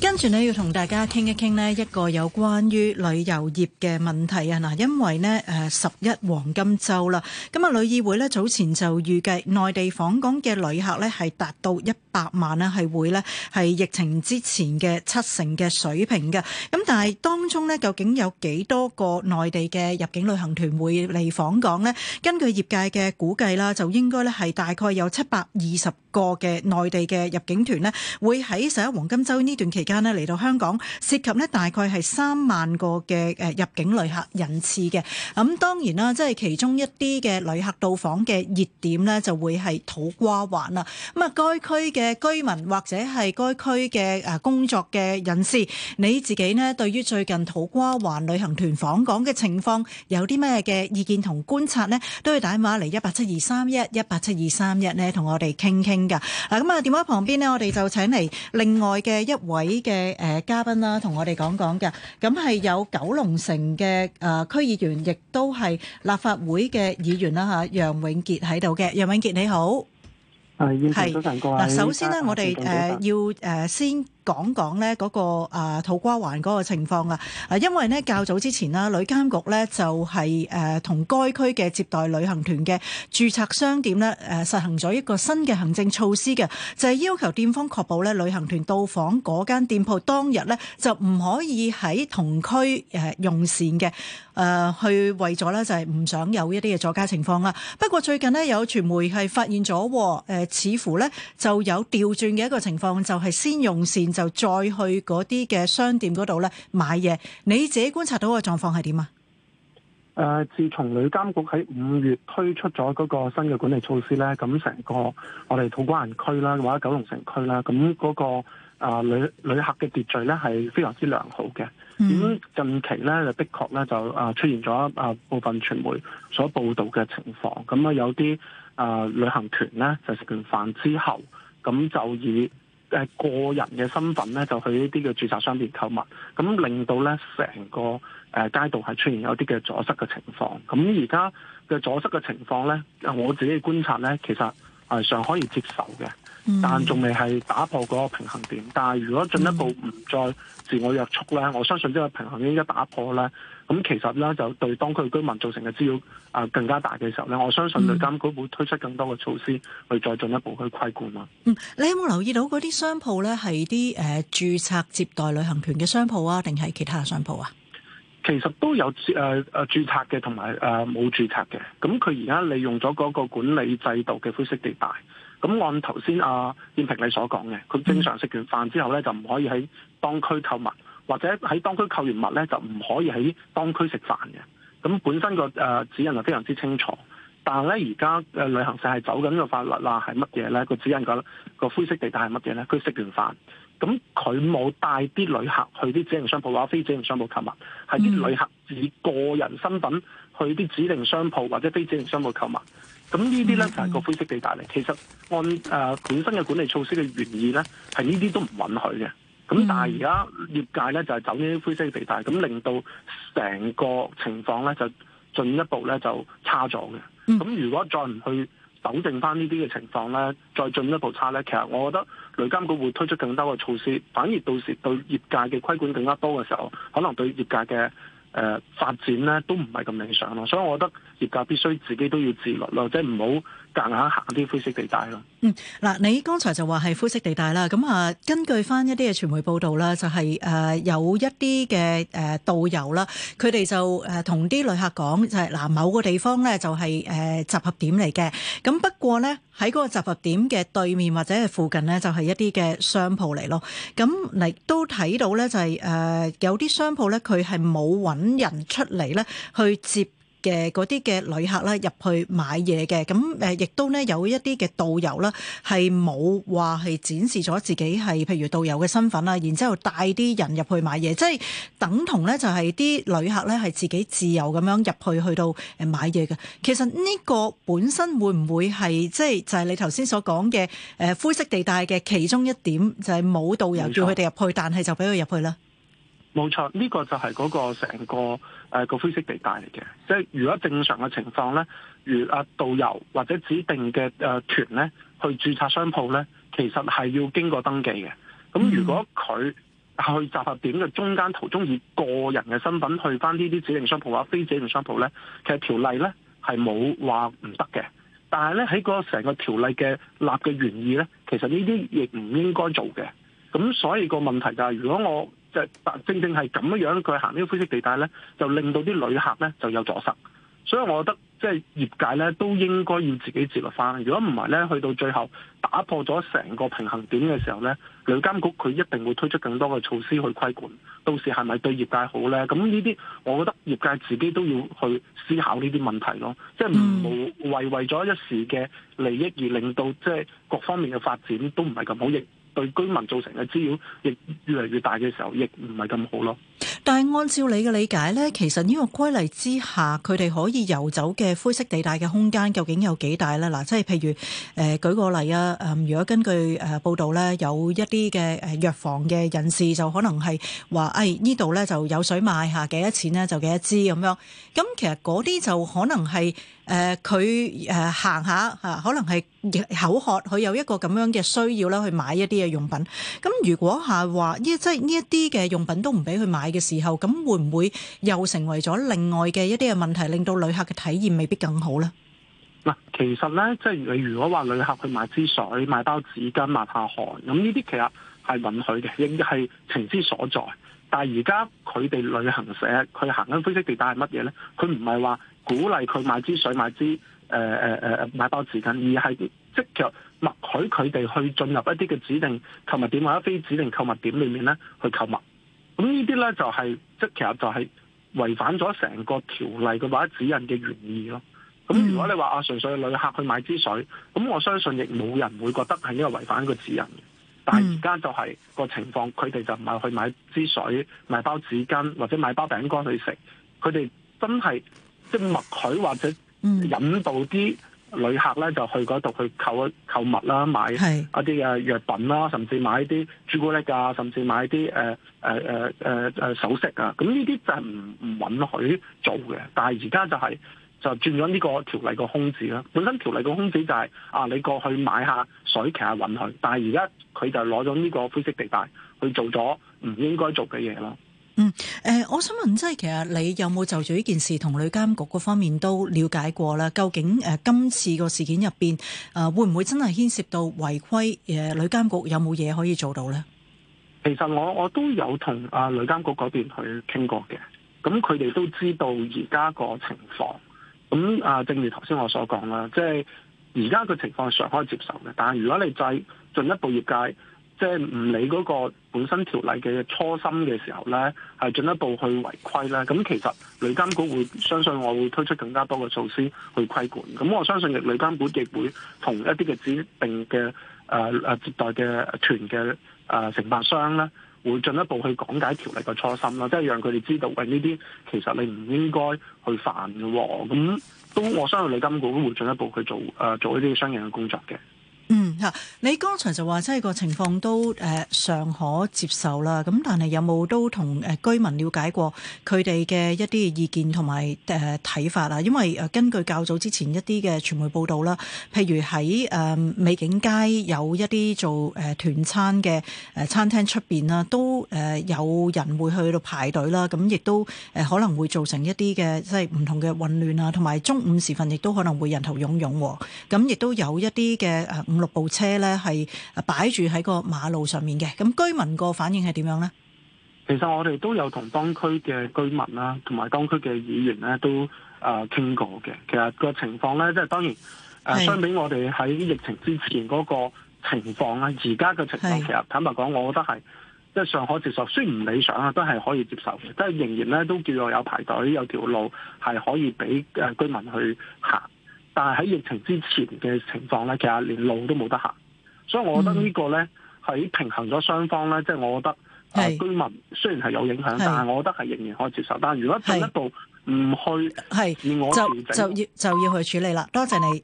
跟住呢，要同大家傾一傾呢一個有關於旅遊業嘅問題啊！嗱，因為呢，誒、呃，十一黃金周啦，咁啊，旅議會呢，早前就預計內地訪港嘅旅客呢，係達到一百萬咧係會咧係疫情之前嘅七成嘅水平嘅，咁但係當中咧究竟有幾多個內地嘅入境旅行團會嚟訪港咧？根據業界嘅估計啦，就應該咧係大概有七百二十個嘅內地嘅入境團咧，會喺十一黃金周呢段期間咧嚟到香港，涉及咧大概係三萬個嘅誒入境旅客人次嘅。咁、嗯、當然啦，即係其中一啲嘅旅客到訪嘅熱點咧，就會係土瓜灣啊，咁、嗯、啊，該區嘅。嘅居民或者係該區嘅誒工作嘅人士，你自己呢對於最近土瓜灣旅行團訪港嘅情況有啲咩嘅意見同觀察呢？都要打電話嚟一八七二三一一八七二三一呢，同我哋傾傾噶。嗱，咁啊，電話旁邊呢，我哋就請嚟另外嘅一位嘅誒嘉賓啦，同我哋講講嘅。咁係有九龍城嘅誒區議員，亦都係立法會嘅議員啦嚇，楊永杰喺度嘅。楊永杰你好。係嗱，首先咧，我哋誒要誒先。講講呢、那、嗰個啊土瓜灣嗰個情況啊，因為呢較早之前啦，旅監局呢就係誒同該區嘅接待旅行團嘅註冊商店呢誒實行咗一個新嘅行政措施嘅，就係、是、要求店方確保呢旅行團到訪嗰間店鋪當日呢就唔可以喺同區誒、呃、用膳嘅誒、呃、去為咗呢就係、是、唔想有一啲嘅阻街情況啊。不過最近呢，有傳媒係發現咗，誒、呃、似乎呢就有調轉嘅一個情況，就係、是、先用膳。就再去嗰啲嘅商店嗰度咧買嘢，你自己觀察到個狀況係點啊？誒、呃、自從旅監局喺五月推出咗嗰個新嘅管理措施咧，咁成個我哋土瓜灣區啦，或者九龍城區啦，咁嗰、嗰個啊、呃、旅旅客嘅秩序咧係非常之良好嘅。咁、嗯、近期咧就的確咧就誒出現咗啊部分傳媒所報道嘅情況。咁啊有啲誒、呃、旅行團咧就食完飯之後，咁就以。誒個人嘅身份咧，就去呢啲嘅註冊商店購物，咁令到咧成個街道係出現有啲嘅阻塞嘅情況，咁而家嘅阻塞嘅情況咧，我自己嘅觀察咧，其實係尚可以接受嘅。嗯、但仲未係打破嗰個平衡點，但係如果進一步唔再自我約束咧，嗯、我相信呢個平衡點一打破咧，咁其實咧就對當區居民造成嘅資料啊更加大嘅時候咧，我相信旅監局會推出更多嘅措施去再進一步去規管啊。嗯，你有冇留意到嗰啲商鋪咧係啲誒註冊接待旅行團嘅商鋪啊，定係其他商鋪啊？其實都有誒誒、呃、註冊嘅，同埋誒冇註冊嘅。咁佢而家利用咗嗰個管理制度嘅灰色地帶。咁按頭先阿燕平你所講嘅，佢正常食完飯之後咧，就唔可以喺當區購物，或者喺當區購完物咧，就唔可以喺當區食飯嘅。咁本身個誒、呃、指引就非常之清楚，但係咧而家旅行社係走緊個法律啦，係乜嘢咧？個指引個個灰色地帶係乜嘢咧？佢食完飯。咁佢冇帶啲旅客去啲指定商鋪或者非指定商鋪購物，係啲、嗯、旅客以個人身份去啲指定商鋪或者非指定商鋪購物。咁呢啲咧就係個灰色地帶嚟。其實按誒本身嘅管理措施嘅原意咧，係呢啲都唔允許嘅。咁但係而家業界咧就係走呢啲灰色地帶，咁、嗯嗯呃、令到成個情況咧就進一步咧就差咗嘅。咁如果再唔去，等定翻呢啲嘅情況咧，再進一步差咧，其實我覺得旅監局會推出更多嘅措施，反而到時對業界嘅規管更加多嘅時候，可能對業界嘅誒、呃、發展咧都唔係咁理想咯，所以我覺得。業界必須自己都要自律咯，即係唔好夾硬行啲灰色地帶咯。嗯，嗱,你剛才就話係灰色地帶啦，咁啊，根據翻一啲嘅傳媒報道啦，就係誒有一啲嘅誒導遊啦，佢哋就誒同啲旅客講，就係嗱，某個地方咧，就係誒集合點嚟嘅。咁不過咧，喺嗰個集合點嘅對面或者係附近咧，就係一啲嘅商鋪嚟咯。咁嚟都睇到咧，就係誒有啲商鋪咧，佢係冇揾人出嚟咧去接嘅嗰啲嘅旅客啦入去買嘢嘅，咁誒亦都咧有一啲嘅導遊啦，係冇話係展示咗自己係譬如導遊嘅身份啦，然之後帶啲人入去買嘢，即係等同咧就係啲旅客咧係自己自由咁樣入去去到誒買嘢嘅。其實呢個本身會唔會係即係就係你頭先所講嘅誒灰色地帶嘅其中一點就係冇導遊叫佢哋入去，冇錯，但係就俾佢入去啦。冇錯，呢個就係嗰個成個。誒、呃那個灰色地帶嚟嘅，即係如果正常嘅情況咧，如阿導遊或者指定嘅誒團咧，去註冊商鋪咧，其實係要經過登記嘅。咁如果佢去集合點嘅中間途中以個人嘅身份去返呢啲指定商鋪或者非指定商鋪咧，其實條例咧係冇話唔得嘅。但係咧喺個成個條例嘅立嘅原意咧，其實呢啲亦唔應該做嘅。咁所以個問題就係、是，如果我就正正係咁樣樣，佢行呢個灰色地帶咧，就令到啲旅客咧就有阻塞，所以我覺得即係、就是、業界咧都應該要自己自律翻。如果唔係咧，去到最後打破咗成個平衡點嘅時候咧，旅監局佢一定會推出更多嘅措施去規管。到時係咪對業界好咧？咁呢啲，我覺得業界自己都要去思考呢啲問題咯。即係冇為為咗一時嘅利益而令到即係、就是、各方面嘅發展都唔係咁好。對居民造成嘅滋擾亦越嚟越大嘅時候，亦唔係咁好咯。但係按照你嘅理解咧，其實呢個規例之下，佢哋可以遊走嘅灰色地帶嘅空間究竟有幾大咧？嗱，即係譬如誒舉個例啊，誒如果根據誒報道咧，有一啲嘅誒藥房嘅人士就可能係話，誒呢度咧就有水賣下，幾多錢呢？就幾多支咁樣。咁其實嗰啲就可能係。誒佢誒行下吓、啊，可能係口渴，佢有一個咁樣嘅需要啦，去買一啲嘅用品。咁如果係話呢，即係呢一啲嘅用品都唔俾佢買嘅時候，咁會唔會又成為咗另外嘅一啲嘅問題，令到旅客嘅體驗未必更好咧？嗱，其實咧，即係你如果話旅客去買支水、買包紙巾抹下汗，咁呢啲其實係允許嘅，應該係情之所在。但係而家佢哋旅行社佢行緊灰色地帶係乜嘢咧？佢唔係話。鼓勵佢買支水、買支誒誒誒買包紙巾，而係即其實默許佢哋去進入一啲嘅指定購物點或者非指定購物點裏面咧去購物。咁呢啲咧就係、是、即係其實就係違反咗成個條例嘅或者指引嘅原意咯。咁如果你話、mm. 啊純粹嘅旅客去買支水，咁我相信亦冇人會覺得係因為違反個指引。但係而家就係個情況，佢哋、mm. 就唔係去買支水、買包紙巾或者買包餅乾去食，佢哋真係。即係默許或者引導啲旅客咧，就去嗰度去購一購物啦，買一啲嘅藥品啦，甚至買啲朱古力啊，甚至買啲誒誒誒誒誒首飾啊，咁呢啲就係唔唔允許做嘅。但係而家就係，就轉咗呢個條例個空子啦。本身條例個空子就係，啊，你過去買一下水其實允許，但係而家佢就攞咗呢個灰色地帶去做咗唔應該做嘅嘢啦。嗯，誒、嗯，我想問，即係其實你有冇就住呢件事同旅監局嗰方面都了解過啦？究竟誒、呃、今次個事件入邊，誒、呃、會唔會真係牽涉到違規？誒、呃，旅監局有冇嘢可以做到咧？其實我我都有同啊、呃、旅監局嗰邊去傾過嘅，咁佢哋都知道而家個情況。咁啊，正如頭先我所講啦，即係而家個情況係尚可以接受嘅，但係如果你再進一步業界。即係唔理嗰個本身條例嘅初心嘅時候呢，係進一步去違規啦。咁其實旅監局會相信我會推出更加多嘅措施去規管。咁我相信旅監局亦會同一啲嘅指定嘅誒接待嘅團嘅承辦商呢，會進一步去講解條例嘅初心啦，即係讓佢哋知道喂，呢啲其實你唔應該去犯嘅喎。咁都我相信旅監局會進一步去做誒、呃、做一啲相應嘅工作嘅。吓！你剛才就話即係個情況都誒尚、呃、可接受啦，咁但係有冇都同居民了解過佢哋嘅一啲意見同埋誒睇法啊？因為根據較早之前一啲嘅傳媒報道啦，譬如喺誒、呃、美景街有一啲做誒團、呃、餐嘅誒、呃、餐廳出面啦，都誒、呃、有人會去到排隊啦，咁、呃、亦都可能會造成一啲嘅即係唔同嘅混亂啊，同埋中午時分亦都可能會人頭湧湧喎，咁、呃、亦都有一啲嘅、呃、五六部。車咧係擺住喺個馬路上面嘅，咁居民個反應係點樣呢？其實我哋都有同當區嘅居民啦，同埋當區嘅議員咧都啊傾過嘅。其實這個情況咧，即係當然，相比我哋喺疫情之前嗰個情況咧，而家嘅情況是其實坦白講，我覺得係即係尚可接受，雖然唔理想啊，都係可以接受嘅，即係仍然咧都叫做有排隊，有條路係可以俾誒居民去行。但係喺疫情之前嘅情況咧，其實連路都冇得行，所以我覺得這個呢個咧喺平衡咗雙方咧，即、就、係、是、我覺得是、啊、居民雖然係有影響，是但係我覺得係仍然可以接受。但係如果進一步唔去，我就，就，就要就要去處理啦。多謝，謝你。